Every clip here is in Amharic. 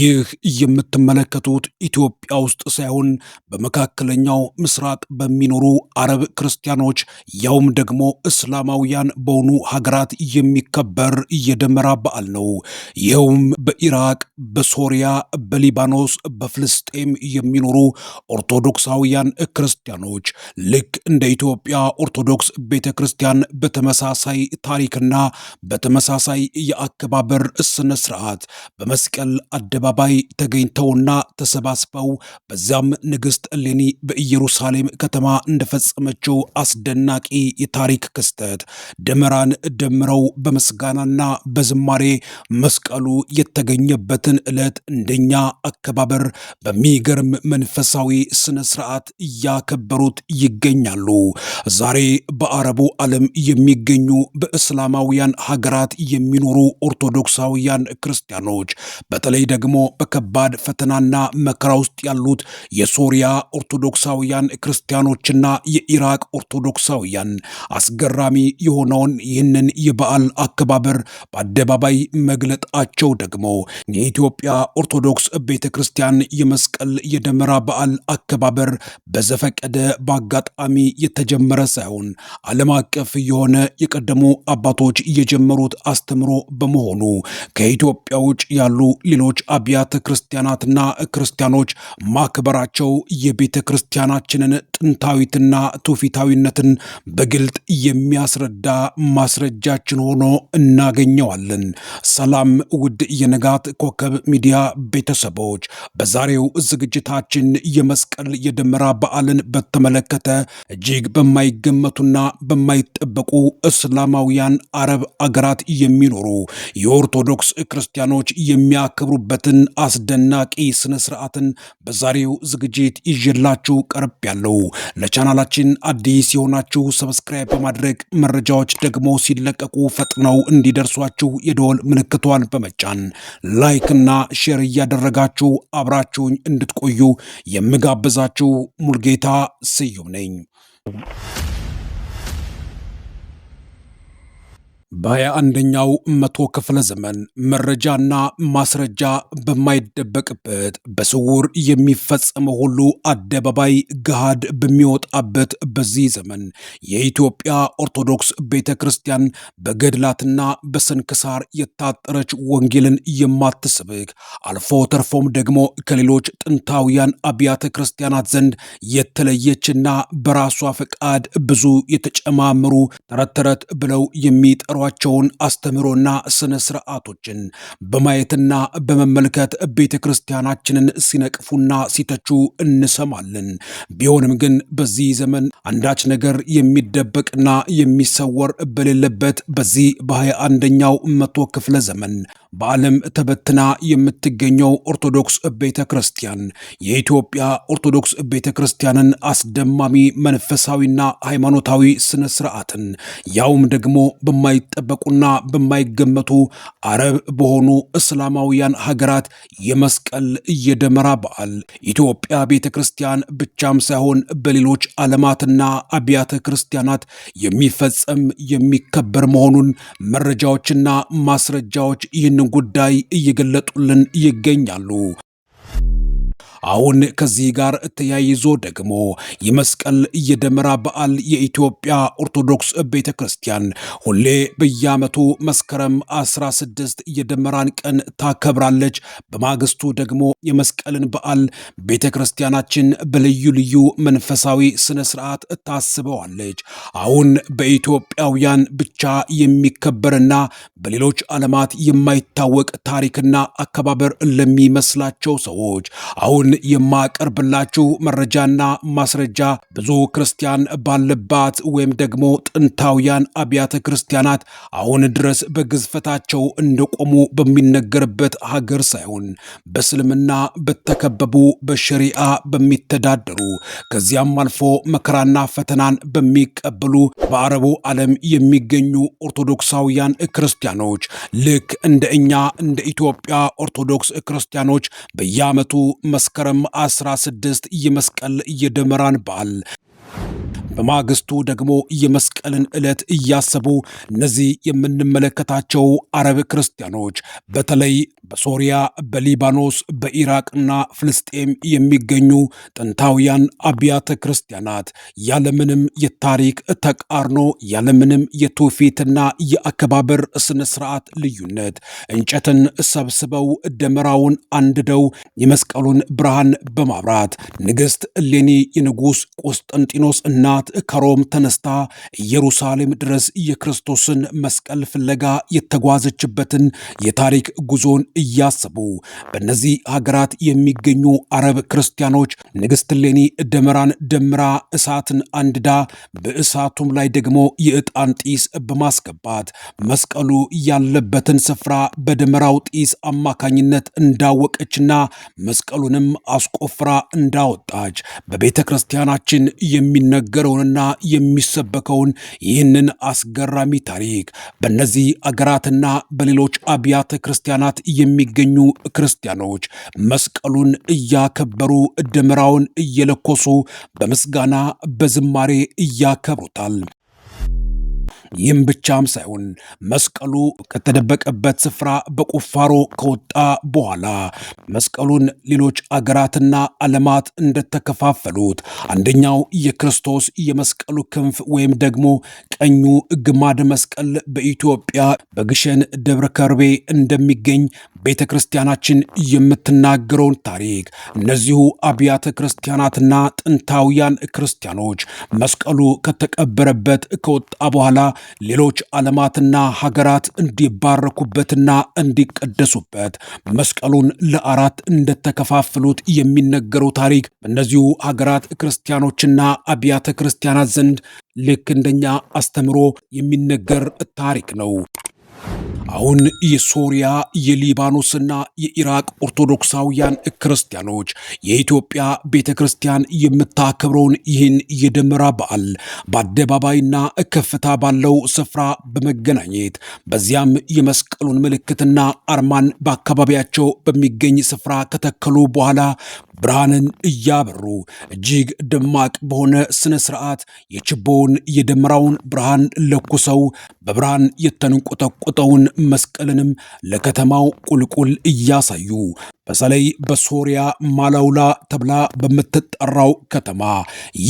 ይህ የምትመለከቱት ኢትዮጵያ ውስጥ ሳይሆን በመካከለኛው ምስራቅ በሚኖሩ አረብ ክርስቲያኖች ያውም ደግሞ እስላማውያን በሆኑ ሀገራት የሚከበር የደመራ በዓል ነው። ይኸውም በኢራቅ፣ በሶሪያ፣ በሊባኖስ፣ በፍልስጤም የሚኖሩ ኦርቶዶክሳውያን ክርስቲያኖች ልክ እንደ ኢትዮጵያ ኦርቶዶክስ ቤተ ክርስቲያን በተመሳሳይ ታሪክና በተመሳሳይ የአከባበር ስነ ስርዓት በመስቀል አደባ አደባባይ ተገኝተውና ተሰባስበው በዚያም ንግሥት እሌኒ በኢየሩሳሌም ከተማ እንደፈጸመችው አስደናቂ የታሪክ ክስተት ደመራን ደምረው በምስጋናና በዝማሬ መስቀሉ የተገኘበትን ዕለት እንደኛ አከባበር በሚገርም መንፈሳዊ ስነ ስርዓት እያከበሩት ይገኛሉ። ዛሬ በአረቡ ዓለም የሚገኙ በእስላማውያን ሀገራት የሚኖሩ ኦርቶዶክሳውያን ክርስቲያኖች በተለይ ደግሞ ደግሞ በከባድ ፈተናና መከራ ውስጥ ያሉት የሶሪያ ኦርቶዶክሳውያን ክርስቲያኖችና የኢራቅ ኦርቶዶክሳውያን አስገራሚ የሆነውን ይህንን የበዓል አከባበር በአደባባይ መግለጣቸው ደግሞ የኢትዮጵያ ኦርቶዶክስ ቤተ ክርስቲያን የመስቀል የደመራ በዓል አከባበር በዘፈቀደ በአጋጣሚ የተጀመረ ሳይሆን ዓለም አቀፍ የሆነ የቀደሙ አባቶች የጀመሩት አስተምሮ በመሆኑ ከኢትዮጵያ ውጭ ያሉ ሌሎች አብያተ ክርስቲያናትና ክርስቲያኖች ማክበራቸው የቤተ ክርስቲያናችንን ጥንታዊትና ትውፊታዊነትን በግልጥ የሚያስረዳ ማስረጃችን ሆኖ እናገኘዋለን። ሰላም ውድ የንጋት ኮከብ ሚዲያ ቤተሰቦች፣ በዛሬው ዝግጅታችን የመስቀል የደመራ በዓልን በተመለከተ እጅግ በማይገመቱና በማይጠበቁ እስላማውያን አረብ አገራት የሚኖሩ የኦርቶዶክስ ክርስቲያኖች የሚያከብሩበት ያለበትን አስደናቂ ስነ ስርዓትን በዛሬው ዝግጅት ይዤላችሁ ቀርብ ያለው። ለቻናላችን አዲስ የሆናችሁ ሰብስክራይብ በማድረግ መረጃዎች ደግሞ ሲለቀቁ ፈጥነው እንዲደርሷችሁ የደወል ምልክቷን በመጫን ላይክና ሼር እያደረጋችሁ አብራችሁኝ እንድትቆዩ የምጋብዛችሁ ሙልጌታ ስዩም ነኝ። በሃያ አንደኛው መቶ ክፍለ ዘመን መረጃና ማስረጃ በማይደበቅበት በስውር የሚፈጸመው ሁሉ አደባባይ ገሃድ በሚወጣበት በዚህ ዘመን የኢትዮጵያ ኦርቶዶክስ ቤተ ክርስቲያን በገድላትና በስንክሳር የታጠረች ወንጌልን የማትስብክ አልፎ ተርፎም ደግሞ ከሌሎች ጥንታውያን አብያተ ክርስቲያናት ዘንድ የተለየችና በራሷ ፈቃድ ብዙ የተጨማመሩ ተረት ተረት ብለው የሚጠሩ ያስተማሯቸውን አስተምሮና ስነ ስርዓቶችን በማየትና በመመልከት ቤተ ክርስቲያናችንን ሲነቅፉና ሲተቹ እንሰማለን። ቢሆንም ግን በዚህ ዘመን አንዳች ነገር የሚደበቅና የሚሰወር በሌለበት በዚህ በሃያ አንደኛው መቶ ክፍለ ዘመን በዓለም ተበትና የምትገኘው ኦርቶዶክስ ቤተ ክርስቲያን የኢትዮጵያ ኦርቶዶክስ ቤተ ክርስቲያንን አስደማሚ መንፈሳዊና ሃይማኖታዊ ስነ ስርዓትን ያውም ደግሞ በማይጠበቁና በማይገመቱ አረብ በሆኑ እስላማውያን ሀገራት የመስቀል የደመራ በዓል ኢትዮጵያ ቤተ ክርስቲያን ብቻም ሳይሆን በሌሎች ዓለማትና አብያተ ክርስቲያናት የሚፈጸም የሚከበር መሆኑን መረጃዎችና ማስረጃዎች ይህን ይህንን ጉዳይ እየገለጡልን ይገኛሉ። አሁን ከዚህ ጋር ተያይዞ ደግሞ የመስቀል የደመራ በዓል የኢትዮጵያ ኦርቶዶክስ ቤተ ክርስቲያን ሁሌ በየዓመቱ መስከረም 16 የደመራን ቀን ታከብራለች። በማግስቱ ደግሞ የመስቀልን በዓል ቤተ ክርስቲያናችን በልዩ ልዩ መንፈሳዊ ስነ ስርዓት ታስበዋለች። አሁን በኢትዮጵያውያን ብቻ የሚከበርና በሌሎች ዓለማት የማይታወቅ ታሪክና አከባበር ለሚመስላቸው ሰዎች አሁን የማቀርብላችሁ መረጃና ማስረጃ ብዙ ክርስቲያን ባለባት ወይም ደግሞ ጥንታውያን አብያተ ክርስቲያናት አሁን ድረስ በግዝፈታቸው እንደቆሙ በሚነገርበት ሀገር ሳይሆን በእስልምና በተከበቡ በሸሪአ በሚተዳደሩ ከዚያም አልፎ መከራና ፈተናን በሚቀበሉ በአረቡ ዓለም የሚገኙ ኦርቶዶክሳውያን ክርስቲያኖች ልክ እንደ እኛ እንደ ኢትዮጵያ ኦርቶዶክስ ክርስቲያኖች በየዓመቱ መስከረም መስከረም 16 የመስቀል የደመራን በዓል በማግስቱ ደግሞ የመስቀልን ዕለት እያሰቡ እነዚህ የምንመለከታቸው አረብ ክርስቲያኖች በተለይ በሶሪያ በሊባኖስ በኢራቅና ፍልስጤም የሚገኙ ጥንታውያን አብያተ ክርስቲያናት ያለምንም የታሪክ ተቃርኖ ያለምንም የትውፊትና የአከባበር ስነ ስርዓት ልዩነት እንጨትን ሰብስበው ደመራውን አንድደው የመስቀሉን ብርሃን በማብራት ንግሥት እሌኒ የንጉሥ ቆስጠንጢኖስ እናት ከሮም ተነስታ ኢየሩሳሌም ድረስ የክርስቶስን መስቀል ፍለጋ የተጓዘችበትን የታሪክ ጉዞን እያሰቡ በእነዚህ ሀገራት የሚገኙ አረብ ክርስቲያኖች ንግሥት ሌኒ ደመራን ደምራ እሳትን አንድዳ በእሳቱም ላይ ደግሞ የዕጣን ጢስ በማስገባት መስቀሉ ያለበትን ስፍራ በደመራው ጢስ አማካኝነት እንዳወቀችና መስቀሉንም አስቆፍራ እንዳወጣች በቤተ ክርስቲያናችን የሚነገረውንና የሚሰበከውን ይህንን አስገራሚ ታሪክ በእነዚህ አገራትና በሌሎች አብያተ ክርስቲያናት የሚገኙ ክርስቲያኖች መስቀሉን እያከበሩ ደመራውን እየለኮሱ በምስጋና በዝማሬ እያከብሩታል። ይህም ብቻም ሳይሆን መስቀሉ ከተደበቀበት ስፍራ በቁፋሮ ከወጣ በኋላ መስቀሉን ሌሎች አገራትና ዓለማት እንደተከፋፈሉት አንደኛው የክርስቶስ የመስቀሉ ክንፍ ወይም ደግሞ ቀኙ ግማድ መስቀል በኢትዮጵያ በግሸን ደብረ ከርቤ እንደሚገኝ ቤተ ክርስቲያናችን የምትናገረውን ታሪክ እነዚሁ አብያተ ክርስቲያናትና ጥንታውያን ክርስቲያኖች መስቀሉ ከተቀበረበት ከወጣ በኋላ ሌሎች ዓለማትና ሀገራት እንዲባረኩበትና እንዲቀደሱበት መስቀሉን ለአራት እንደተከፋፍሉት የሚነገረው ታሪክ በእነዚሁ ሀገራት ክርስቲያኖችና አብያተ ክርስቲያናት ዘንድ ልክ እንደኛ አስተምሮ የሚነገር ታሪክ ነው። አሁን የሶሪያ የሊባኖስና የኢራቅ ኦርቶዶክሳውያን ክርስቲያኖች የኢትዮጵያ ቤተ ክርስቲያን የምታከብረውን ይህን የደመራ በዓል በአደባባይና ከፍታ ባለው ስፍራ በመገናኘት በዚያም የመስቀሉን ምልክትና አርማን በአካባቢያቸው በሚገኝ ስፍራ ከተከሉ በኋላ ብርሃንን እያበሩ እጅግ ደማቅ በሆነ ስነ ስርዓት የችቦውን የደመራውን ብርሃን ለኩሰው በብርሃን የተንቆጠቆጠውን መስቀልንም ለከተማው ቁልቁል እያሳዩ በተለይ በሶሪያ ማላውላ ተብላ በምትጠራው ከተማ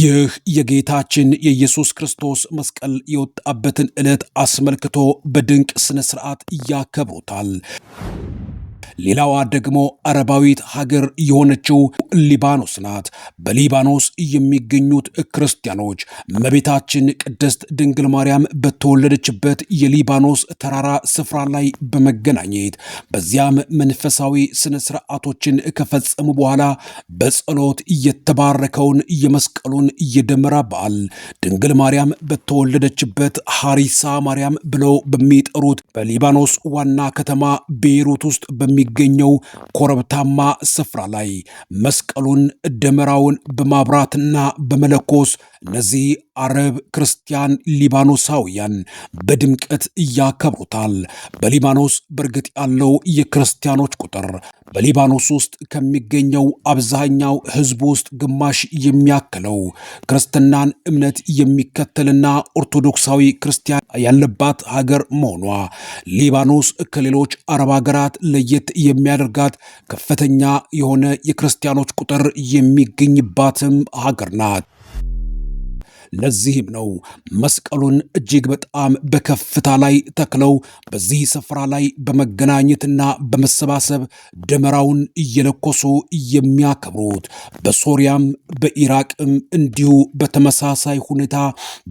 ይህ የጌታችን የኢየሱስ ክርስቶስ መስቀል የወጣበትን ዕለት አስመልክቶ በድንቅ ስነ ስርዓት ያከብሩታል። ሌላዋ ደግሞ አረባዊት ሀገር የሆነችው ሊባኖስ ናት። በሊባኖስ የሚገኙት ክርስቲያኖች እመቤታችን ቅድስት ድንግል ማርያም በተወለደችበት የሊባኖስ ተራራ ስፍራ ላይ በመገናኘት በዚያም መንፈሳዊ ስነ ስርዓቶችን ከፈጸሙ በኋላ በጸሎት የተባረከውን የመስቀሉን የደመራ በዓል ድንግል ማርያም በተወለደችበት ሐሪሳ ማርያም ብለው በሚጠሩት በሊባኖስ ዋና ከተማ ቤይሩት ውስጥ በሚ በሚገኘው ኮረብታማ ስፍራ ላይ መስቀሉን ደመራውን በማብራትና በመለኮስ እነዚህ አረብ ክርስቲያን ሊባኖሳውያን በድምቀት እያከብሩታል። በሊባኖስ በእርግጥ ያለው የክርስቲያኖች ቁጥር በሊባኖስ ውስጥ ከሚገኘው አብዛኛው ሕዝብ ውስጥ ግማሽ የሚያክለው ክርስትናን እምነት የሚከተልና ኦርቶዶክሳዊ ክርስቲያን ያለባት ሀገር መሆኗ ሊባኖስ ከሌሎች አረብ ሀገራት ለየት የሚያደርጋት ከፍተኛ የሆነ የክርስቲያኖች ቁጥር የሚገኝባትም ሀገር ናት። ለዚህም ነው መስቀሉን እጅግ በጣም በከፍታ ላይ ተክለው በዚህ ስፍራ ላይ በመገናኘትና በመሰባሰብ ደመራውን እየለኮሱ የሚያከብሩት። በሶሪያም በኢራቅም እንዲሁ በተመሳሳይ ሁኔታ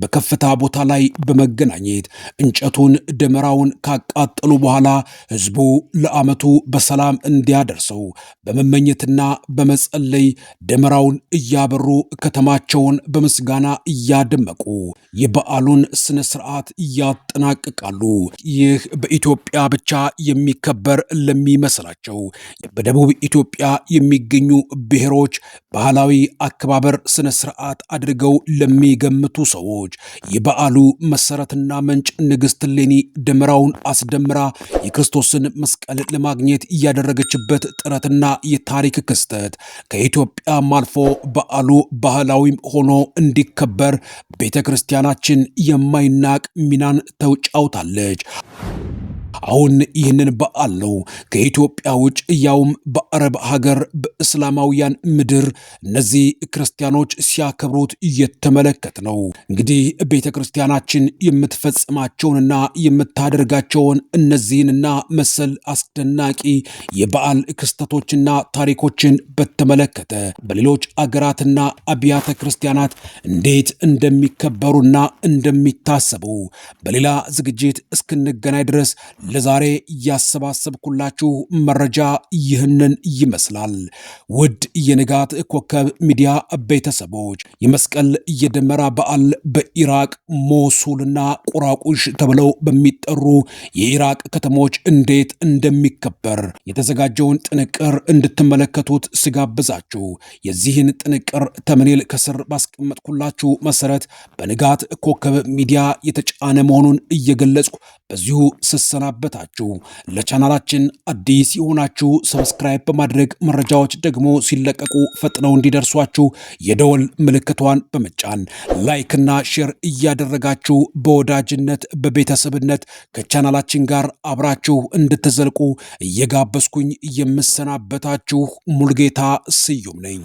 በከፍታ ቦታ ላይ በመገናኘት እንጨቱን ደመራውን ካቃጠሉ በኋላ ህዝቡ ለዓመቱ በሰላም እንዲያደርሰው በመመኘትና በመጸለይ ደመራውን እያበሩ ከተማቸውን በምስጋና እያ እያደመቁ የበዓሉን ስነ ስርዓት እያጠናቅቃሉ። ይህ በኢትዮጵያ ብቻ የሚከበር ለሚመስላቸው በደቡብ ኢትዮጵያ የሚገኙ ብሔሮች ባህላዊ አከባበር ስነ ስርዓት አድርገው ለሚገምቱ ሰዎች የበዓሉ መሰረትና ምንጭ ንግሥት ሌኒ ደመራውን አስደምራ የክርስቶስን መስቀል ለማግኘት እያደረገችበት ጥረትና የታሪክ ክስተት ከኢትዮጵያም አልፎ በዓሉ ባህላዊም ሆኖ እንዲከበር ቤተ ክርስቲያን ኢትዮጵያውያናችን የማይናቅ ሚናን ተጫውታለች። አሁን ይህንን በዓል ነው ከኢትዮጵያ ውጭ እያውም በአረብ ሀገር በእስላማውያን ምድር እነዚህ ክርስቲያኖች ሲያከብሩት እየተመለከት ነው። እንግዲህ ቤተ ክርስቲያናችን የምትፈጽማቸውንና የምታደርጋቸውን እነዚህንና መሰል አስደናቂ የበዓል ክስተቶችና ታሪኮችን በተመለከተ በሌሎች አገራትና አብያተ ክርስቲያናት እንዴት እንደሚከበሩና እንደሚታሰቡ በሌላ ዝግጅት እስክንገናኝ ድረስ ለዛሬ እያሰባሰብኩላችሁ መረጃ ይህንን ይመስላል። ውድ የንጋት ኮከብ ሚዲያ ቤተሰቦች የመስቀል የደመራ በዓል በኢራቅ ሞሱልና ቁራቁሽ ተብለው በሚጠሩ የኢራቅ ከተሞች እንዴት እንደሚከበር የተዘጋጀውን ጥንቅር እንድትመለከቱት ስጋብዛችሁ የዚህን ጥንቅር ተምኔል ከስር ባስቀመጥኩላችሁ መሰረት በንጋት ኮከብ ሚዲያ የተጫነ መሆኑን እየገለጽኩ በዚሁ ስሰናበ ሰናበታችሁ። ለቻናላችን አዲስ የሆናችሁ ሰብስክራይብ በማድረግ መረጃዎች ደግሞ ሲለቀቁ ፈጥነው እንዲደርሷችሁ የደወል ምልክቷን በመጫን ላይክና ሼር እያደረጋችሁ በወዳጅነት በቤተሰብነት ከቻናላችን ጋር አብራችሁ እንድትዘልቁ እየጋበዝኩኝ የምሰናበታችሁ ሙልጌታ ስዩም ነኝ።